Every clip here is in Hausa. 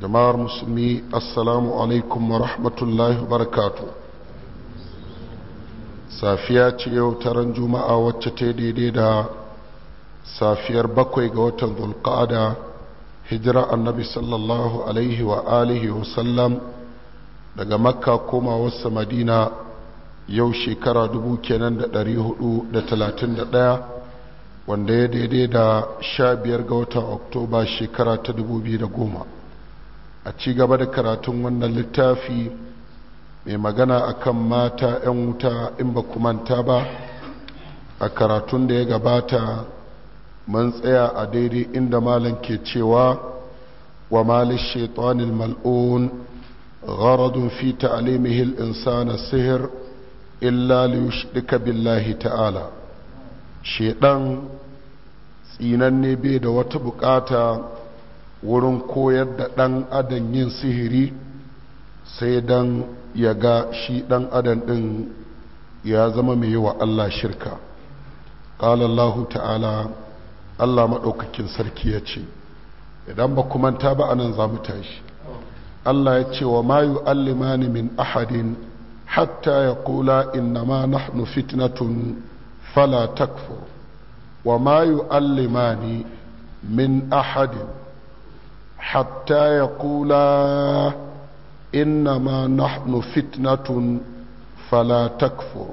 jama'ar musulmi assalamu alaikum wa rahmatullahi wa barakatu safiya ce yau taron juma'a wacce ta daidai da safiyar bakwai ga watan zulqa'ada hijira annabi sallallahu alaihi wa alihi wa sallam daga makka koma wasa madina yau shekara dubu kenan da ɗari hudu da talatin da ɗaya wanda ya daidai da sha biyar ga watan oktoba shekara ta dubu biyu da goma a ci gaba da karatun wannan littafi mai magana a kan mata 'yan wuta in ba manta ba a karatun da ya gabata man tsaya a daidai inda malam ke cewa wa malin shaitanin mal'un gharadun fi ta'alimihi insana sihir illa duka billahi ta'ala shaidan tsinanne bai da wata bukata wurin koyar da ɗan adan yin sihiri sai dan ya ga shi ɗan adan ɗin ya zama mai yi wa Allah shirka ƙalallahu ta'ala Allah maɗaukakin sarki ya ce idan ba manta ba anan za mu tashi Allah ya ce wa mayu allimani min ahadin hatta ya kula innama nahnu fitnatun fala takfur wa mayu allimani min ahadin hatta ya kula innama nahnu fitnatun fala takfur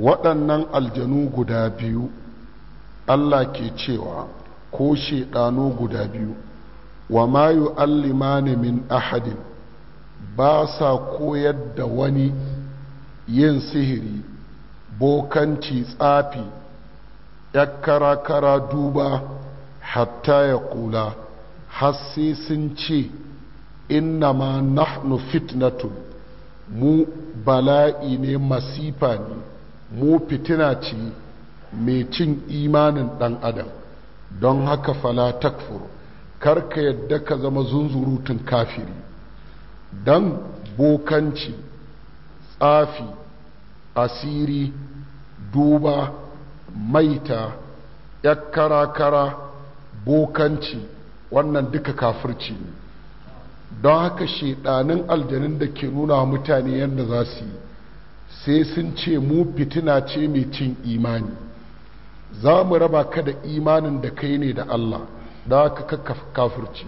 waɗannan aljanu guda biyu Allah ke cewa ko shaɗano guda biyu wa ma yu'allimani min ahadin ba sa koyar da wani yin sihiri bokanci tsafi kara kara duba hatta ya kula har sun ce innama nahnu fitnatu mu bala'i ne masifa ne mu fitina ce mai cin imanin ɗan adam don haka fala takfur karka yadda ka zama zunzurutun kafiri don bokanci tsafi asiri duba maita yakkara-kara bokanci wannan duka kafirci ne don haka shaidanin aljanin da ke nuna wa mutane yadda za su yi sai sun ce mu fitina ce mai cin imani za mu raba ka da imanin da kai ne da Allah da haka ka kafirci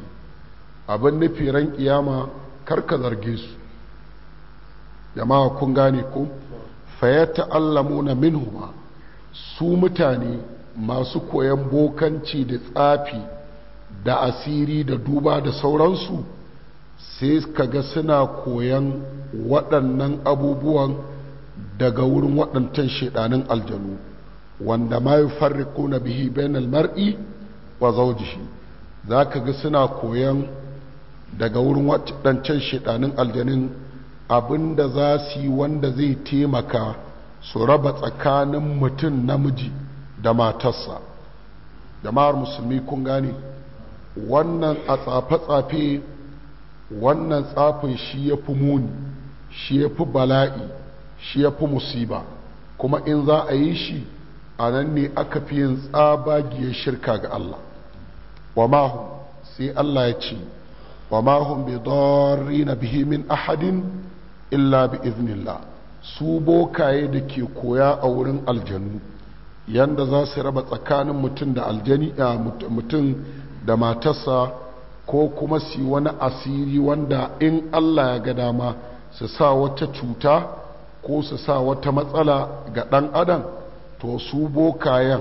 abin nufi ran kiyama karka zarge su jama'a kun gane ku? fayata allamu na minhuma su mutane masu koyon bokanci da tsafi da asiri da duba da sauransu sai ka ga suna koyan waɗannan abubuwan daga wurin waɗancan shaidanin aljanu wanda ma yi farriko na bihi bainal mar'i wa zaujishi za ka ga suna koyan daga wurin waɗancan shaidanin aljanin abin za su yi wanda zai taimaka su raba tsakanin mutum namiji da matarsa jama'ar musulmi kun gane wannan a tsafe-tsafe wannan tsafin shi ya fi muni shi ya fi bala'i shi ya fi musiba kuma in za a yi shi a nan ne aka fi yin tsaba tsabagiyar shirka ga Allah wa sai Allah ya ce wa mahum bi dori na bihimin ahadin illa bi iznillah su bokaye da ke koya a wurin aljanu yanda za su raba tsakanin mutum da aljani mutum da matarsa ko kuma su wani asiri wanda in allah ya ga dama su sa wata cuta ko su sa wata matsala ga ɗan adam to su bokayen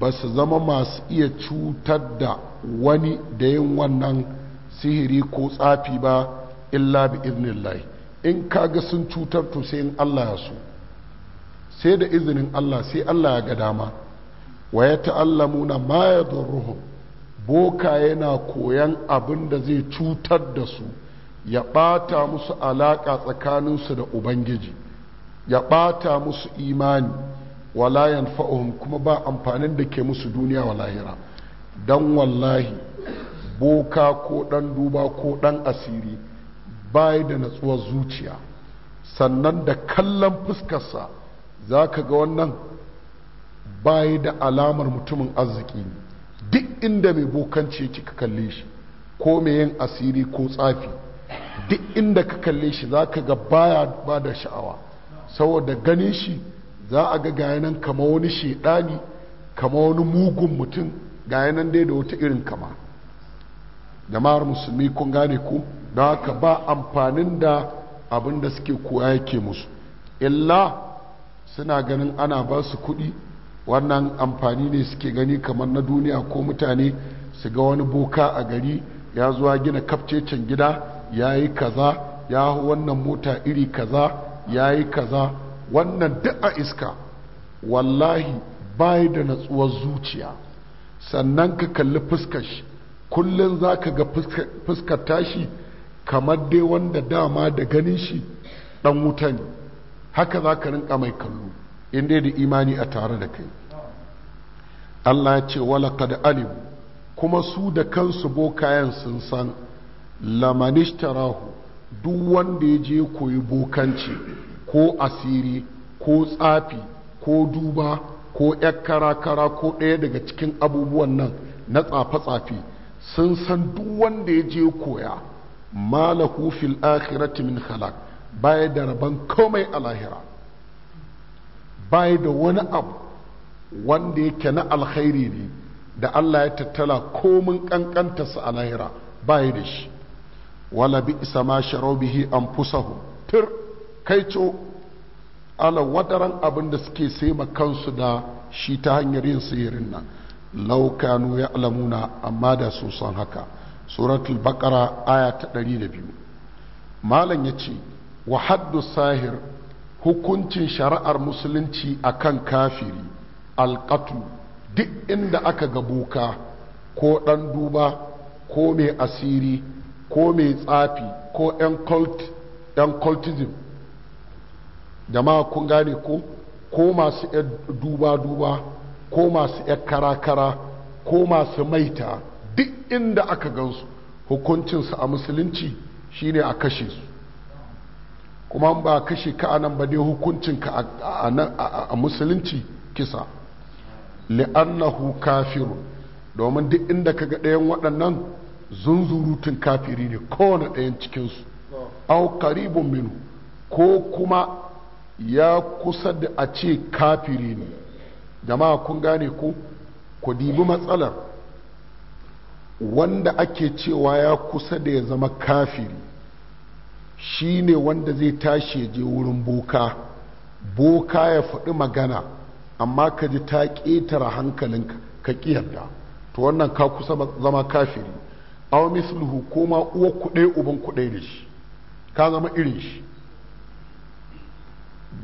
ba su zama masu iya cutar da wani da yin wannan sihiri ko tsafi ba illa bi lai in kaga sun cutar to sai in allah ya so sai da izinin allah sai allah ya ga dama wa ya ta'allamuna ma ya ruhu boka yana koyan abin da zai cutar da su ya ɓata musu alaƙa tsakaninsu da ubangiji ya ɓata musu imani wala yanfa'uhum kuma ba amfanin da ke musu duniya wa lahira don wallahi boka ko ɗan duba ko ɗan asiri bai da natsuwar zuciya sannan da kallon fuskarsa za ka ga wannan bai da alamar mutumin arziki ne duk inda mai bokanci yake ka kalle shi ko mai yin asiri ko tsafi duk inda ka kalle shi za ka ga baya ba da sha'awa saboda ganin shi za a ga gayanan kama wani shaidani kama wani mugun mutum gayanan dai da wata irin kama jama'ar musulmi kun gane ku da haka ba amfanin da abin da suke koya yake musu illa suna ganin ana ba su kuɗi wannan amfani ne suke gani kamar na duniya ko mutane su ga wani boka a gari ya zuwa gina kafcecen gida ya yi kaza ya wannan mota iri kaza ya yi kaza wannan duk a iska wallahi bayi da natsuwar zuciya sannan ka kalli fuskar shi kullum za ka ga fuskar tashi kamar dai wanda dama da ganin shi dan wuta ne haka za ka rinka mai kallo in dai da imani a tare da kai Allah ya ce da alim kuma su da kansu bokayen sun san lamanishtarahu duk wanda ya je koyi bokanci ko asiri ko tsafi ko duba ko yar kara-kara ko ɗaya daga cikin abubuwan nan na tsafe tsafi, sun san duk wanda ya je koya malahu fil akhirati min khalaq baya da rabon komai a lahira bai da wani abu wanda yake na alkhairi ne da Allah ya tattala komin kankanta su a lahira bai da shi wala bi isa ma sharau an anfusahum tir kaico ala wadaran abin da suke sai kansu da shi ta hanyar yin sihirin nan laukanu ya alamuna amma da su san haka suratul baqara aya ta 102 malam yace wa haddu sahir hukuncin shari'ar musulunci a kan kafiri alƙatu duk inda aka ga boka ko ɗan duba ko mai asiri ko mai tsafi ko 'yan cultism jama'a kun gane ko ko masu 'yan duba-duba ko masu 'yan kara-kara ko masu maita duk inda aka gansu hukuncinsu a musulunci shine a kashe su kuma ba kashe ka anan ba dai hukuncinka a musulunci kisa li'annahu kafiru. domin duk inda ka ga ɗayan waɗannan zunzurutun kafiri ne kowane ɗayan cikinsu au karibun minu ko kuma ya kusa da a ce kafiri ne jama'a kun gane ko ku dibi matsalar wanda ake cewa ya kusa da ya zama kafiri shi ne wanda zai tashi je wurin boka boka ya faɗi magana amma ka ji ta ƙetara hankalinka ka ƙiyarta to wannan ka kusa zama kafiri a misluhu ko ma uwa kuɗe uban kuɗe da shi ka zama irin shi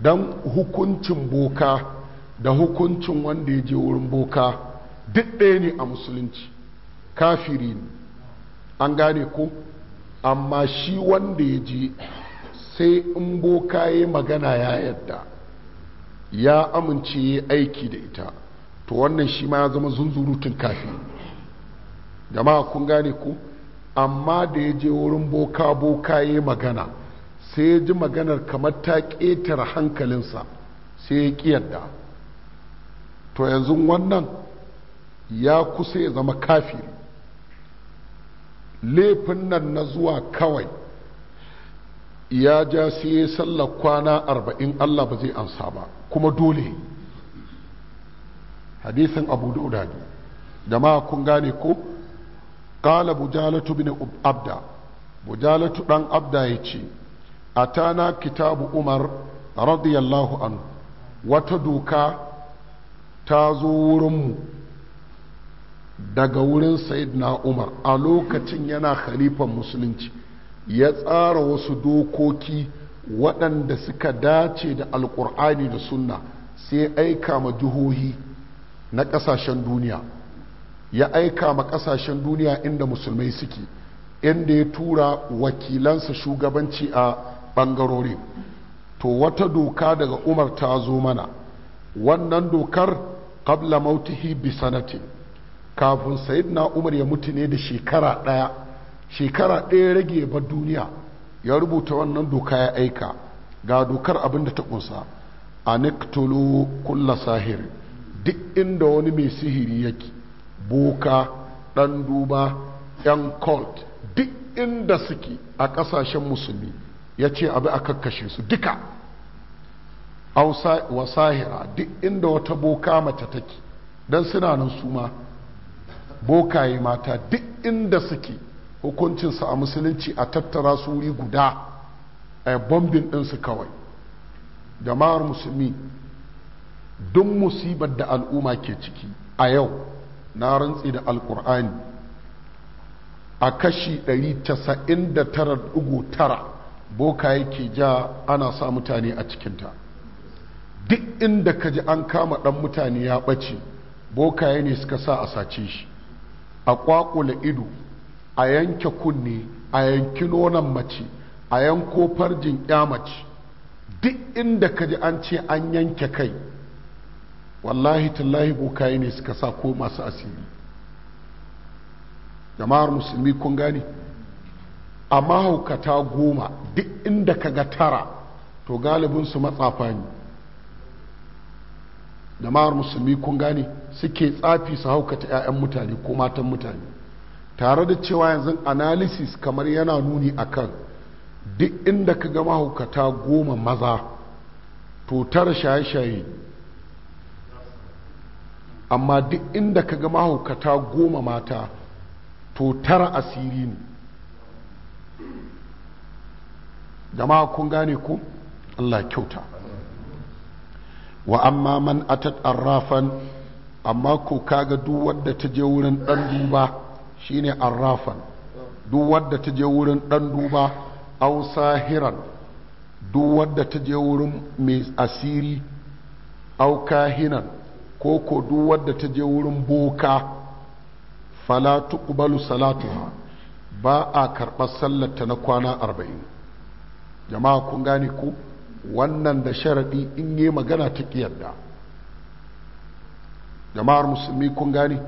Don hukuncin boka da hukuncin wanda ya je wurin boka duk ɗaya ne a musulunci kafiri ne an gane ko amma shi wanda ya je sai in boka ya magana ya yadda ya amince ya aiki da ita to wannan shi ma ya zama zunzurutun kafi jama'a kun gane ku amma da ya je wurin boka boka ya magana sai ya ji maganar kamar ta ƙetare hankalinsa sai ya ƙi yadda to yanzu wannan ya kusa ya zama kafiri laifin nan na zuwa kawai ya ja sai ya sallar kwana arba'in Allah ba zai ansa ba kuma dole hadisin abu da da ma kun gane ko kala bujalatu bin abda bujalatu dan abda ya ce a tana kitabu umar radiyallahu anhu wata doka ta zo wurinmu daga wurin na umar a lokacin yana khalifan musulunci ya tsara wasu dokoki waɗanda suka dace da alƙur'ani da sunna sai aika ma jihohi na ƙasashen duniya ya aika ma ƙasashen duniya inda musulmai suke inda ya tura wakilansa shugabanci a ɓangarori to wata doka daga umar ta zo mana wannan dokar qabla mautihi bi sanatin kafin sayidina umar ya mutu ne da shekara ɗaya shekara ɗaya rage ba duniya ya rubuta wannan doka ya aika ga dokar abin da ta kunsa a niktulu kulla sahir duk inda wani mai sihiri yake boka ɗan duba yan cult duk inda suke a ƙasashen musulmi ya ce abu a kakkashe su duka wa sahira duk inda wata boka mace take don suna nan suma. bokaye mata duk inda suke hukuncinsu a musulunci a tattara su wuri guda a bombin ɗinsu kawai jama'ar musulmi duk musibar da al'umma ke ciki a yau na rantsi da alkur'ani a kashi 199.9 bokaye ke ja ana sa mutane a cikinta duk inda ka ji an kama ɗan mutane ya ɓace bokaye ne suka sa a sace shi a kwakula ido a yanke kunne a yanki nonon mace a yanko farjin ya mace duk inda ka ji an ce an yanke kai wallahi tallahi bokaye ne suka sa ko masu asiri jama'ar musulmi kun gani a mahaukata goma duk inda ka ga tara to galibinsu matsafa ne jama'ar musulmi kun gane suke tsafi su haukata 'ya'yan mutane ko matan mutane tare da cewa yanzu analysis kamar yana nuni akan duk inda ka ga mahaukata goma maza to tara shaye-shaye amma duk inda ka ga mahaukata goma mata to tara asiri ne jama'a kun gane ku? allah kyauta wa amma man atat arrafan amma ko kaga duk wadda ta je wurin dan duba shine arrafan duk wadda ta je wurin dan duba aw sahiran duk wadda ta je wurin mai asiri aw kahinan ko ko duk wadda ta je wurin boka fala tuqbalu salatuha ba a karɓar sallarta na kwana arba'in jama'a kun gane ku wannan da sharaɗi in yi magana ta kiyarda jama'ar musulmi kun gani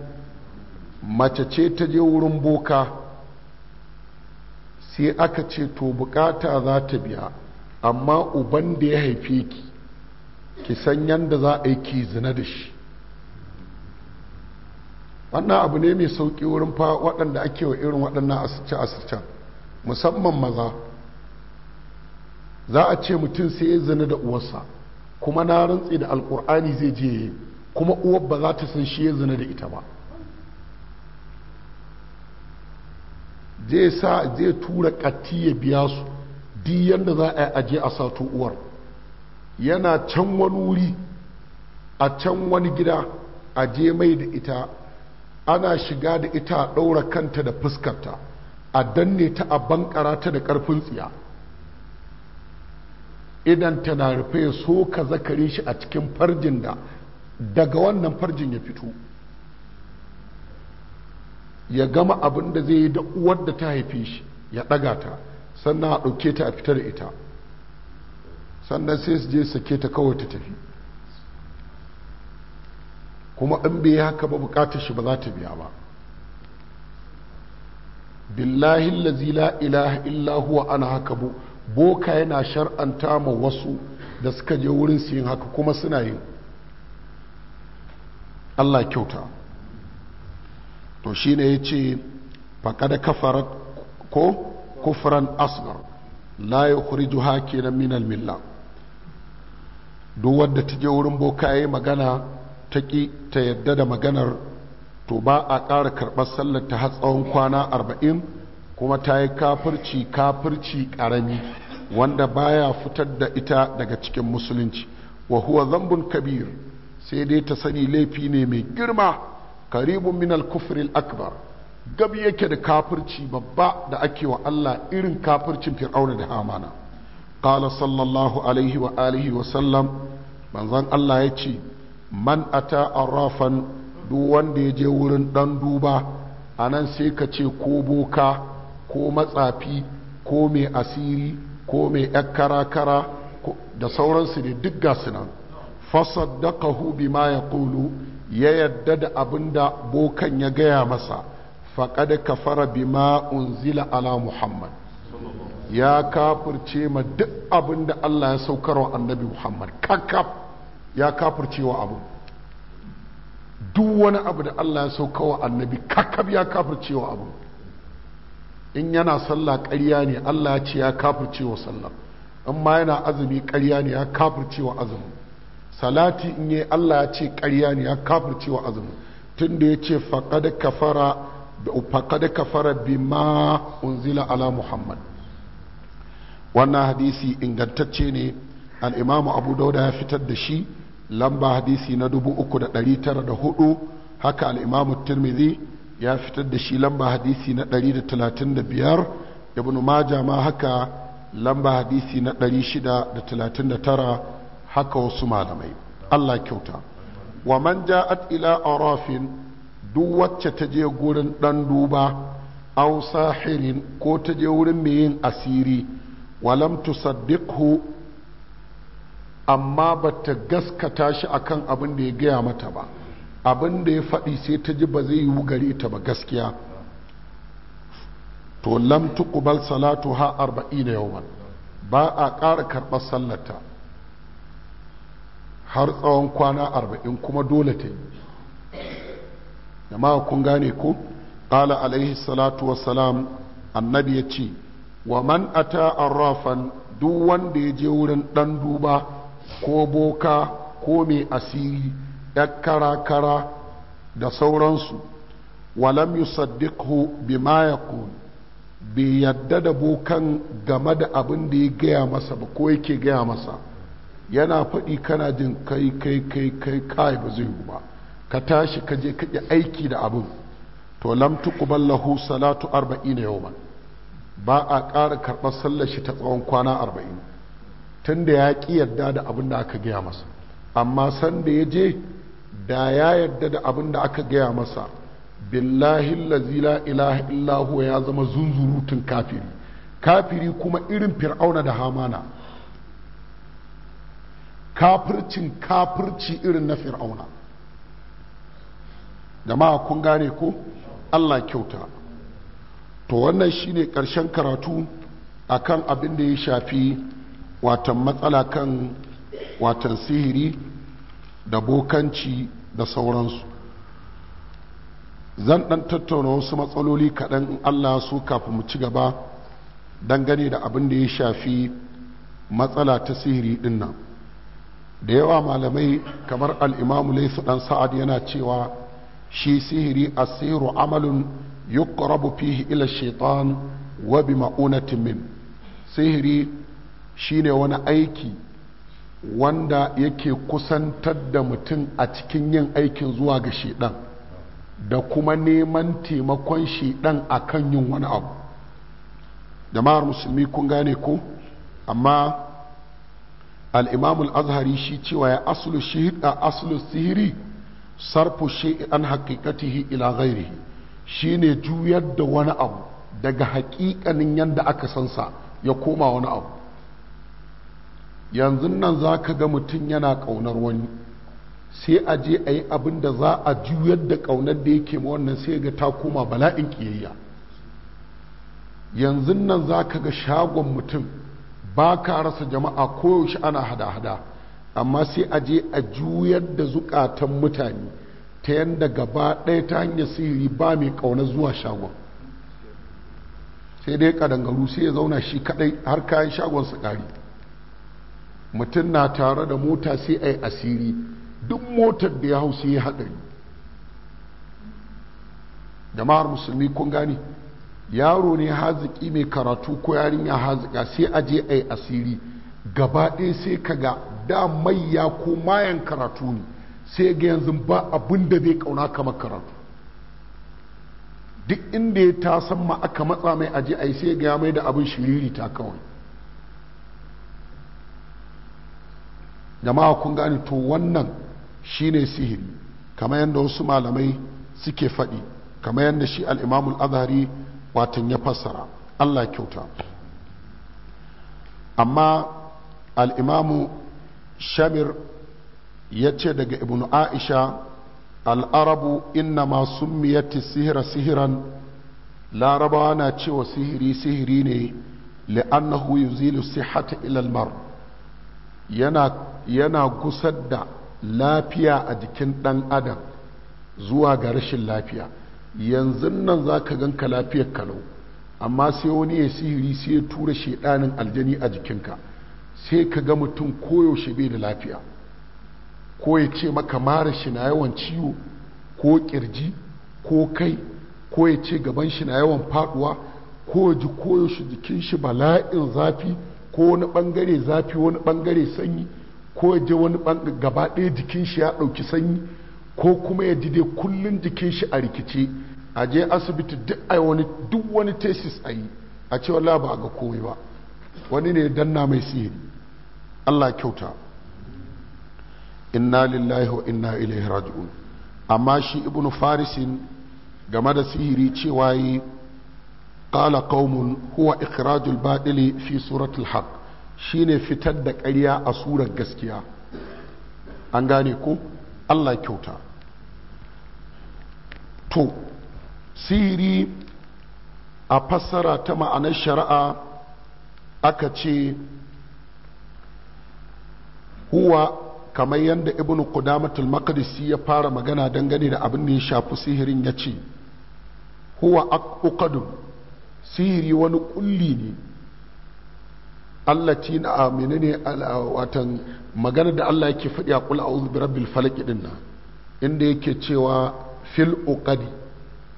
mace ce ta je wurin boka sai aka ce to bukata za ta biya amma uban da ya haife ki ki san yadda za a yi ki zina da shi wannan abu ne mai sauƙi wurin fa waɗanda ake wa irin waɗannan asirce asirce musamman maza za a ce mutum sai ya zina da uwarsa kuma na rantse da alkur'ani zai je kuma uwar ba za ta san shi ya zina da ita ba zai sa zai tura kati ya biya su duk yadda za a yi aje a sato uwar yana can wani wuri a can wani gida a je mai da ita ana shiga da ita a ɗaura kanta da fuskarta a danne ta a bankara ta da ƙarfin tsiya idan tana rufe ya so ka zakari shi a cikin farjin da daga wannan farjin ya fito ya gama abin da zai yi da uwar da ta haife shi ya ɗaga ta sannan a ɗauke ta a fitar ita sannan sai su je sake ta kawai ta tafi kuma in bai haka ba bukatar shi ba za ta biya ba billahi lazi la ilaha illa huwa ana haka bu boka yana shar'anta ma wasu da suka je wurin su yin haka kuma suna yi. allah kyauta to shi ne ya ce da kafar ko kufran asgar la ya kuri juha na minal milla duk wadda ta je wurin boka ya magana ta ƙi ta yadda da maganar to ba a ƙara karɓar sallar ta har tsawon kwana arba'in kuma ta yi kafirci kafirci karami wanda baya fitar da ita daga cikin musulunci wa huwa zambun kabir sai dai ta sani laifi ne mai girma karibun min al-kufr akbar gabi yake da kafirci babba da ake wa Allah irin kafircin fir'auna da hamana qala sallallahu alaihi wa alihi wa sallam manzon Allah ya ce man ata arrafan duk wanda ya je wurin dan duba anan sai ka ce ko boka ko matsafi ko mai asiri ko mai kara-kara da sauransu ne duk gasu nan fasaddaqahu hubi ma ya ya yadda da abin da bokan ya gaya masa faqad kafara bima unzila ala muhammad ya kafirce ma duk abin da Allah ya saukar wa annabi muhammad kakaf ya kafirce wa abu duk wani abu da Allah ya saukar wa annabi kakaf ya kafirce wa abu in yana sallah ƙarya ne Allah ya ce ya kafirce wa sallah in ma yana azumi ƙarya ne ya kafirce wa azumi salati in yi Allah ya ce ƙarya ne ya kafirce wa azumi tunda ya ce faqad kafara bi ma unzila ala muhammad wannan hadisi ingantacce ne al'imamu abu dauda ya fitar da shi lamba hadisi na dubu da tara 3904 haka al'imamu Turmizi. ya fitar da shi lamba hadisi na 135 ibn maja ma haka lamba hadisi na 639 haka wasu malamai Allah kyauta wa man ja'at ila arafin duk wacce ta je gurin dan duba aw sahirin ko ta je wurin mai yin asiri walamtu tusaddiqhu amma bata gaskata shi akan abin da ya gaya mata ba abin da ya faɗi sai ta ji ba zai yi gare ta ba gaskiya to lam tuqbal salatu ha arba'ina yawman ba a ƙara karɓar sallata har tsawon kwana arba'in kuma dole ta yi jama'a kun gane ku? ƙala alaihi salatu wassalam annabi ya ce wa man ata arrafan duk wanda ya je wurin ɗan duba ko boka ko mai asiri da kara-kara da sauransu walam yusaddiqhu bima yaqul bai yadda da bukan game da abin da ya gaya masa ba ko yake gaya masa yana faɗi kana jin kai kai kai kai kai ba zai ba ka tashi ka je ka aiki da abin to lam tuqbal lahu salatu 40 yawma ba a ƙara karɓar sallar shi ta tsawon kwana 40 tunda ya ƙi yadda da abin da aka gaya masa amma san da ya je da ya yadda da abin da aka gaya masa billahi lazila la ilaha illahu ya zama zunzurutun kafiri kafiri kuma irin fir'auna da hamana kafircin kafirci irin na fir'auna jama'a kun gane ko allah kyauta to wannan shine karshen karatu akan abin da ya shafi watan matsala kan watan sihiri da bokanci da sauransu zan ɗan tattauna wasu matsaloli kaɗan in allah su kafin mu ci gaba dangane da abin da ya shafi matsala ta sihiri ɗin nan da yawa malamai kamar al'imamu laisu ɗan sa'ad yana cewa shi sihiri a sihiru amalin rabu fihi ila shaitan wabi bi ma'unatin min sihiri shine wani aiki wanda yake kusantar da mutum a cikin yin aikin zuwa ga shedan da kuma neman taimakon shiɗan a kan yin wani abu jama'ar musulmi kun gane ko amma al'imamul azhari shi cewa ya asulu asulu sihiri sarfu shi'i an haƙiƙatihi ila shi ne juyar da wani abu daga haƙiƙanin yadda aka sansa ya koma wani abu yanzu nan za ka ga mutum yana ƙaunar wani sai a je a yi abin da za a juyar da ƙaunar da yake ma wannan sai ga ta koma bala'in ƙiyayya yanzu nan za ka ga shagon mutum ba ka rasa jama'a koyaushe ana hada-hada amma sai a je a juyar da zukatan mutane ta yadda gaba ɗaya ta hanyar sihiri ba mai ƙaunar zuwa shagon sai dai ƙadangaru sai ya zauna shi kaɗai har kayan shagon su ƙari mutum na tare da mota sai a yi asiri duk motar da ya hau sai ya haɗari jama'ar musulmi kun gani yaro ne haziki mai karatu ko yarinya hazika sai a je a yi asiri gaba ɗaya sai ka ga da mai ya, ko mayan karatu ne sai ga yanzu ba abin da bai ƙauna kamar karatu duk inda ya tasan ma aka matsa mai aje a yi sai ga ya mai da abin shiriri ta kawai jama'a kun gane to wannan shine sihiri kamar yadda wasu malamai suke faɗi kamar yadda shi al'imamul azhari watan ya fassara allah kyauta amma al'imamu shamir ya ce daga ibn aisha al'arabu inna masu miyatti sihira sihiran larabawa na cewa sihiri sihiri ne li'annahu yuzilu sihata ilal mar yana gusar da lafiya a jikin ɗan adam zuwa ga rashin lafiya yanzu nan za ka ganka lafiyar kalau amma sai wani ya sihiri sai ya tura shaidanin aljani a jikinka sai ka ga mutum koyaushe bai da lafiya ko ya ce maka mara shi na yawan ciwo ko kirji ko kai ko ya ce gaban shi na yawan faduwa ko ya ji koyaushe jikin shi bala'in zafi ko wani bangare zafi wani bangare sanyi ko ya je wani gaba ɗaya jikin shi ya ɗauki sanyi ko kuma ya ji dai kullun jikin shi a rikici, a je asibiti duk a wani wani tesis a yi a ce wallahi ba ga komai ba wani ne danna mai sihiri Allah kyauta inna lillahi wa inna ilaihi raji'un amma shi ibnu farisin game da sihiri cewa yi qala kaumun huwa ikhrajul batili fi suratul haqq shine fitar da ƙarya a surar gaskiya an gane ko Allah kyauta to sihiri a fassara ta ma'anar shari'a aka ce huwa kamar yadda ibn qudamatul maqdisi ya fara magana dangane da abin da ya shafi sihirin ya ce huwa uqadun sihiri wani kulli ne allati na aminu ne watan magana da Allah yake faɗi a kula a bi rabbil falaq inda yake cewa fil ukadi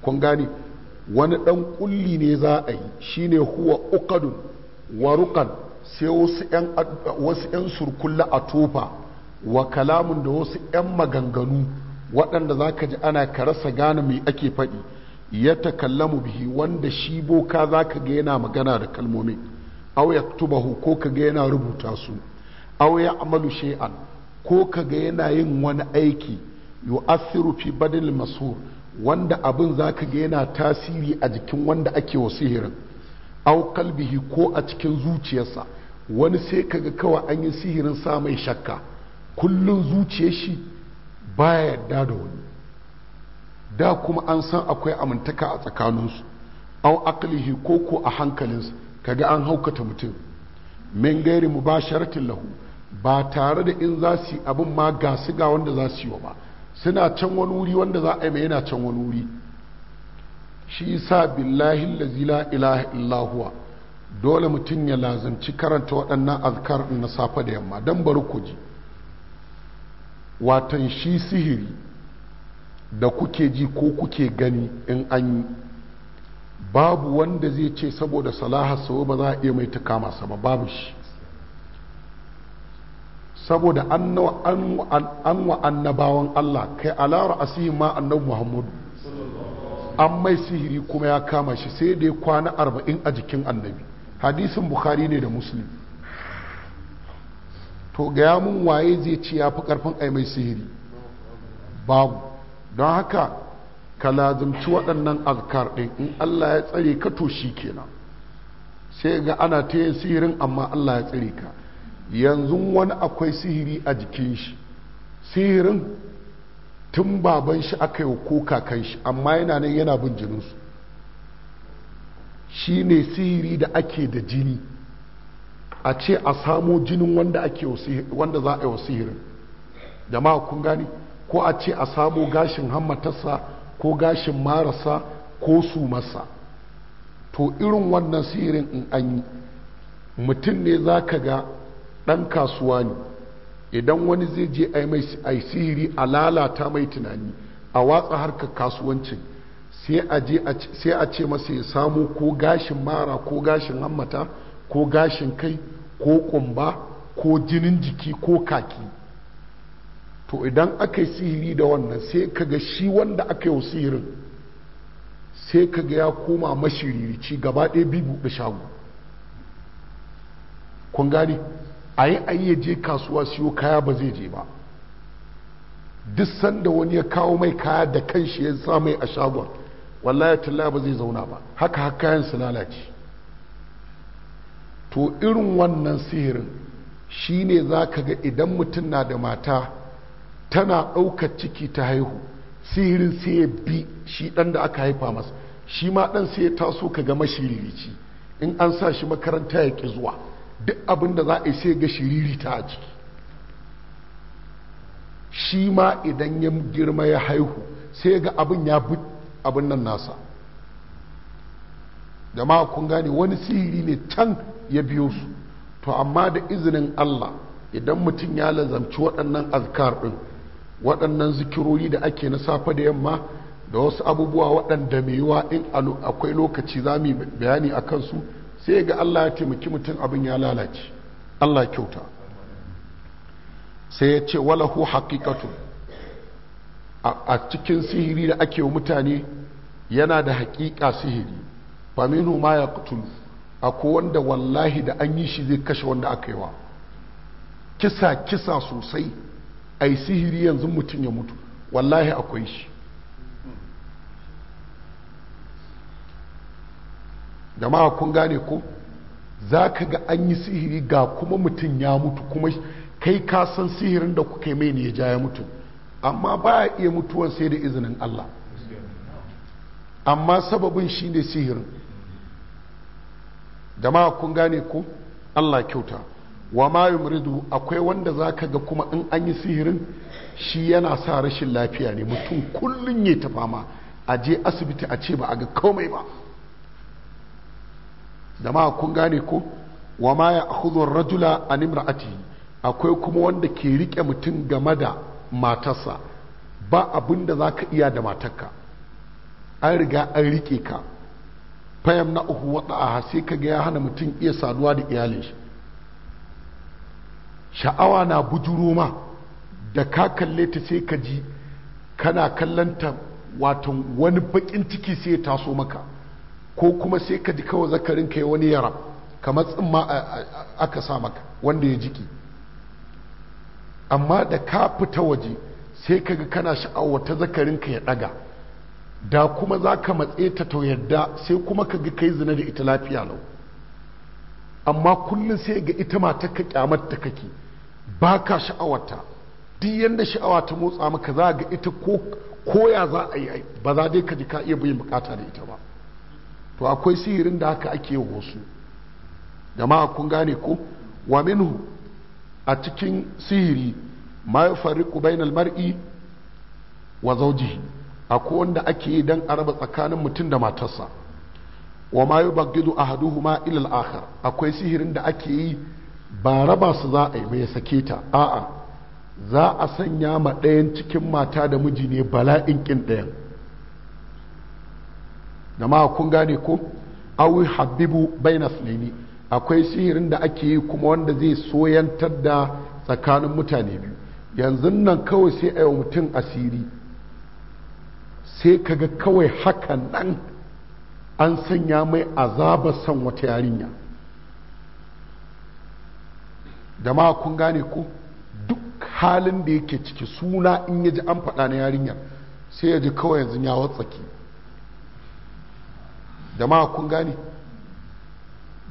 kun gani wani ɗan kulli ne za a yi shine huwa ukadun warukan sai wasu yan wasu surkulla a tofa wa kalamun da wasu yan maganganu waɗanda za ka ji ana ka rasa gane mai ake faɗi ya mu bihi wanda shi boka za ka ga yana magana da kalmomi. kalmomin ya yaktubahu ko ka ga yana rubuta su au ya amalu shay'an ko ka ga yana yin wani aiki yu'athiru fi badil masur wanda abin za ka ga yana tasiri a jikin wanda ake wa sihirin au kalbihi ko a cikin zuciyarsa wani sai ka ga kawai an yi sihirin sa mai shakka kullum zuciyar shi baya yarda da wani da kuma an san akwai amintaka a tsakaninsu au aklihi ko ko a hankalinsu kaga an haukata mutum min gairi mu ba lahu ba tare da in za su yi abin ma ga su ga wanda za su yi wa ba suna can wani wuri wanda za a yi mai yana can wani wuri shi sa billahi lazi la ilaha illahuwa dole mutum ya lazanci karanta waɗannan azkar na safe da yamma don bari ku ji watan shi sihiri da kuke ji ko kuke gani in an yi babu wanda zai ce saboda salahar sau ba za a iya mai tuka masa ba babu shi saboda an wa annabawan Allah kai alara asihin ma annabi Muhammadu an mai sihiri kuma ya kama shi sai da ya kwana arba'in a jikin annabi hadisin bukhari ne da muslim to gaya mun waye zai ce ya fi karfin ai mai sihiri babu don haka ka lazimci waɗannan azkar ɗin in Allah ya tsare ka to shi kenan sai ga ana ta yin sihirin amma Allah ya tsare ka yanzu wani akwai sihiri a jikin shi sihirin tun baban shi aka yi ko kakan shi amma yana nan yana bin jininsu shi ne sihiri da ake da jini a ce a samo jinin wanda za a yi wa sihirin jama'a kun gani ko a ce a samo gashin hammatarsa ko gashin marasa ko su masa to irin wannan sihirin in an yi mutum ne za ka ga ɗan kasuwa ne idan wani zai je a yi sihiri a lalata mai tunani a watsa harkar kasuwancin sai a ce masa ya samo ko gashin mara ko gashin hammata ko gashin kai ko kumba ko jinin jiki ko kaki to idan aka yi sihiri da wannan sai kaga shi wanda aka yi sihirin sai kaga ya koma mashiririci gaba ɗaya bibu da shago kun gani a yi an yi je kasuwa siyo kaya ba zai je ba duk sanda wani ya kawo mai kaya da kanshi ya sa mai a shagon wallahi talla ba zai zauna ba haka haka yansu lalace to irin wannan sihirin shine za ka ga idan mutum na da mata tana ɗaukar ciki ta haihu sihirin sai ya bi shi ɗan da aka haifa masa shi ma ɗan sai ya taso ka ga mashiririci in an sa shi makaranta ya ƙi zuwa duk abin da za a yi sai ga ta a ciki shi ma idan ya girma ya haihu sai ga abin ya bi abin nan nasa jama'a kun gane wani sihiri ne can ya biyo su to amma da izinin allah idan mutum ya lazamci waɗannan azkar ɗin waɗannan zikiroyi da ake na safe da yamma da wasu abubuwa waɗanda mai yiwa in akwai lokaci za mu bayani a kansu sai ga Allah ya taimaki mutum abin ya lalace Allah kyauta sai ya ce walahu haƙiƙatu a cikin sihiri da ake wa mutane yana da haƙiƙa sihiri faminu ma ya akwai wanda wallahi da an yi shi zai kashe wanda aka yi wa kisa kisa sosai ai sihiri yanzu mutum ya mutu wallahi akwai shi jama'a kun gane ko za ka ga an yi sihiri ga kuma mutum ya mutu kuma kai ka san sihirin da kuka mai ne ya ja ya mutu amma ba a iya mutuwan sai da izinin Allah amma sababin shi ne sihirin jama'a kun gane ko Allah kyauta wa ma muridu akwai wanda zaka ga kuma in an yi sihirin shi yana sa rashin lafiya ne mutum kullum ya ta fama a je asibiti a ce ba a ga komai ba da ma kun gane ko wa ma ya akhudhu rajula an imra'atihi akwai kuma wanda ke rike mutum game da matarsa ba abin da zaka iya da matarka an riga an rike ka fayam na uhu wata sai ka ga ya hana mutum iya saduwa da iyalin shi sha'awa na bujuro ma da ka kalle ta sai ka ji kana kallanta watan wani bakin ciki sai ya taso maka ko kuma sai ka ji kawai zakarin ka wani yara kamar tsimma aka sa maka wanda ya jiki amma da ka fita waje sai ka ga kana sha'awa ta zakarin ka ya daga da kuma za ka matse ta to yadda sai kuma ka ga kai zina da ita lafiya lau amma kullum sai ga ita ma ka kyamar ta kake ba ka sha'awarta duk yadda sha'awa ta motsa maka za ga ita ko koya za a yi ba za dai ka ji ka iya bayan bukata da ita ba to akwai sihirin da haka ake yi wasu jama'a kun gane ko wa minhu a cikin sihiri ma fari bainal mar'i wa zawjihi akwai wanda ake yi dan raba tsakanin mutum da matarsa wa ma yubaghidu ahaduhuma ila ilal akhar akwai sihirin da ake yi ba raba su za a yi mai sake ta a'a za a sanya ma ɗayan cikin mata da miji ne bala'in ƙin ɗayan Da ma kun gane ko awi habibu bainas ne akwai sihirin da ake yi kuma wanda zai soyantar da tsakanin mutane biyu yanzu nan kawai sai a yi mutum asiri sai kaga kawai haka nan an sanya mai azabar san wata yarinya da ma kun gane ko duk halin da yake ciki suna in yaji an faɗa na yarinya sai ya ji kawai yanzu ya watsaki da ma kun gane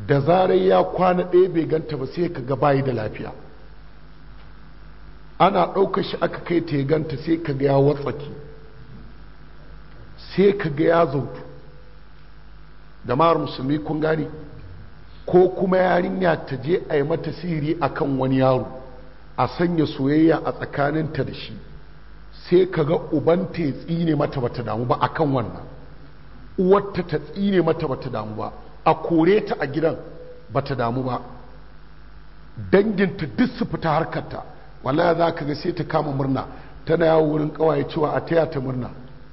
da zarar ya kwana ɗaya bai ganta ba sai ka ga bayi da lafiya ana ɗaukar shi aka kai ta ya ganta sai ka ga ya watsaki sai ka ga ya zautu jama'ar musulmi kun gane ko kuma yarinya ta je a yi mata sihiri a kan wani yaro a sanya soyayya a tsakaninta da shi sai ka ga uban ta tsine mata bata damu ba a kan wannan uwarta ta tsine mata bata damu ba a kore ta a gidan bata damu ba danginta duk su fita harkarta wallahi za ka ga sai ta kama murna tana yawo wurin kawaye cewa a taya ta murna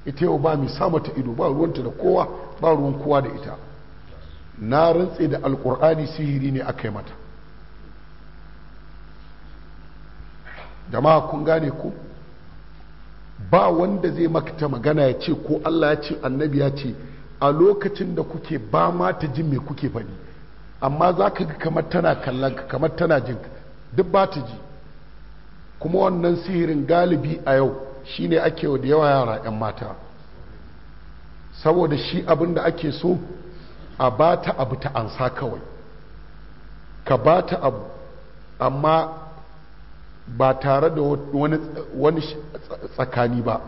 ita yau ba mai sa mata ido ba ruwanta da kowa ba ruwan kowa da ita na rantse da alkur'ani sihiri ne aka yi mata jama'a kun gane ku ba wanda zai makita magana ya ce ko allah ya ce annabi ya ce a lokacin da kuke ba ma ta jin me kuke faɗi amma za ka ga kamar tana kallon ka kamar tana jin ka duk ba ta ji kuma wannan sihirin galibi a yau shine ake da yawa yara 'yan mata saboda shi abin da ake so a ba ta abu ta ansa kawai ka ba ta abu amma ba tare da wani tsakani ba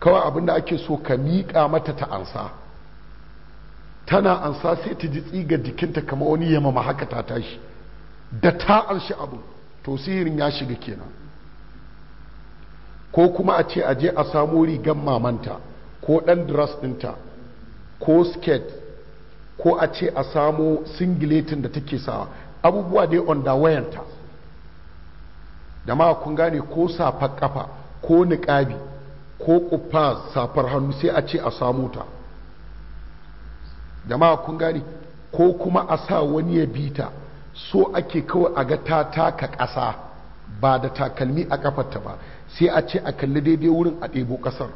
kawai abin da ake so ka miƙa mata ta ansa tana ansa sai ta ji tsiga jikinta kama wani yamama haka ta tashi da ta anshi abu to sihirin ya shiga kenan ko kuma a ce a je a samo rigan mamanta ko ɗan dress ɗinta ko skirt ko a ce a samo singiletin da take sawa abubuwa dai on da wayanta. Da ma kun gane ko safar kafa ko niƙabi ko kufa safar hannu sai a ce a samu ta da ma kun gane ko kuma a sa wani ya bi ta so ake kawai a ga ta taka ƙasa ba da takalmi a kafarta ba sai a ce a kalli daidai wurin a ɗebo ƙasar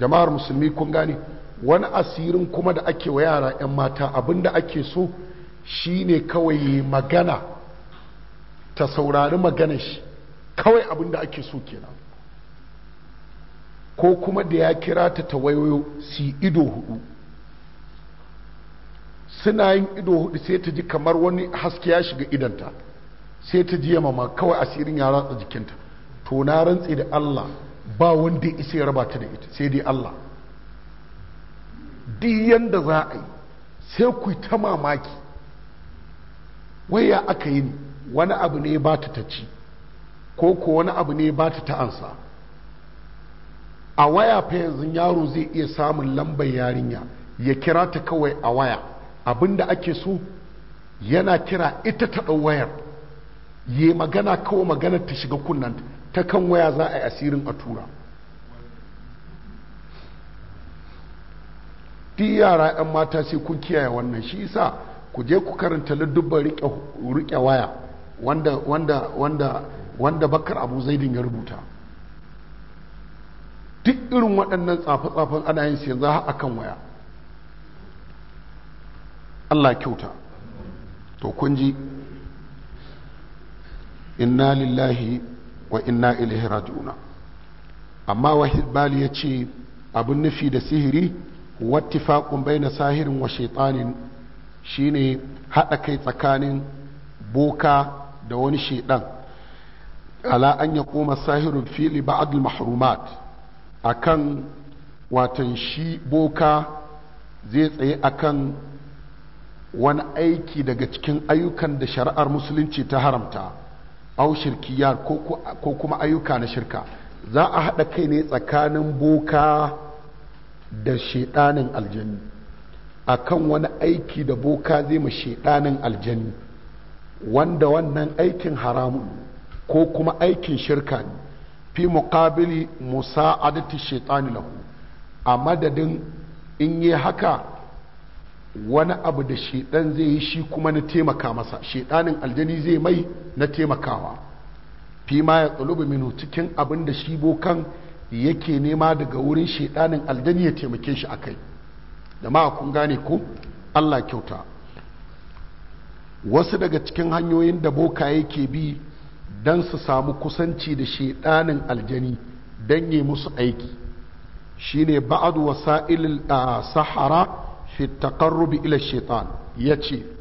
jama'ar musulmi kun gane wani asirin kuma da ake wa yara 'yan mata abinda ake so shine kawai magana ta saurari magana shi kawai abinda ake so kenan ko kuma da ya kira ta ta wayoyo si ido hudu suna yin ido hudu sai ta ji kamar wani haske ya shiga idanta sai ta ji yamama kawai asirin ya ratsa jikinta to na rantsi da Allah ba wanda isa ya raba ta da ita sai dai Allah duk yanda za a yi sai ku ta mamaki waya aka yi wani abu ne ba ta ta ci ko ko wani abu ne ba ta ta ansa a waya fa yanzu yaro zai iya samun lambar yarinya ya kira ta kawai a waya abinda ake so yana kira ita ta ɗau wayar yi magana kawai magana ta shiga kunnanta ta kan waya za a yi asirin a tura ɗi yara 'yan mata sai kun kiyaye wannan shi sa ku je ku karanta ladubban riƙe waya wanda bakar abu zaidin ya rubuta duk irin waɗannan tsafe-tsafen ana yin yanzu a kan waya Allah kyauta to kun ji inna lillahi wa inna ilaihi raji'una amma wahid bali ya ce abin nufi da sihiri wattifaqun baina sahirin wa shaitanin shine hada kai tsakanin boka da wani shaidan ala an ya koma sahirun fili al mahrumat akan watan shi boka zai tsaye akan wani aiki daga cikin ayyukan da shari'ar musulunci ta haramta au shirkiyar ko kuma ayyuka na shirka za a haɗa kai ne tsakanin boka da aljani. aljanni kan wani aiki da boka zai ma shaɗanin aljanni wanda wannan aikin haramun ko kuma aikin shirka ne fi muqabili musa'adati shaɗani lahu a madadin in yi haka wani abu da shedan zai yi shi kuma na taimaka masa shedanin aljani zai mai na taimakawa fi ma ya tsalubu minu cikin abin da shi bokan yake nema daga wurin shedanin aljani ya taimake shi akai da ma kun gane ko Allah kyauta wasu daga cikin hanyoyin da boka yake bi don su samu kusanci da shedanin aljani don yi musu aiki shine ba'adu wasa'ilil ah, sahara في التقرب إلى الشيطان يتشي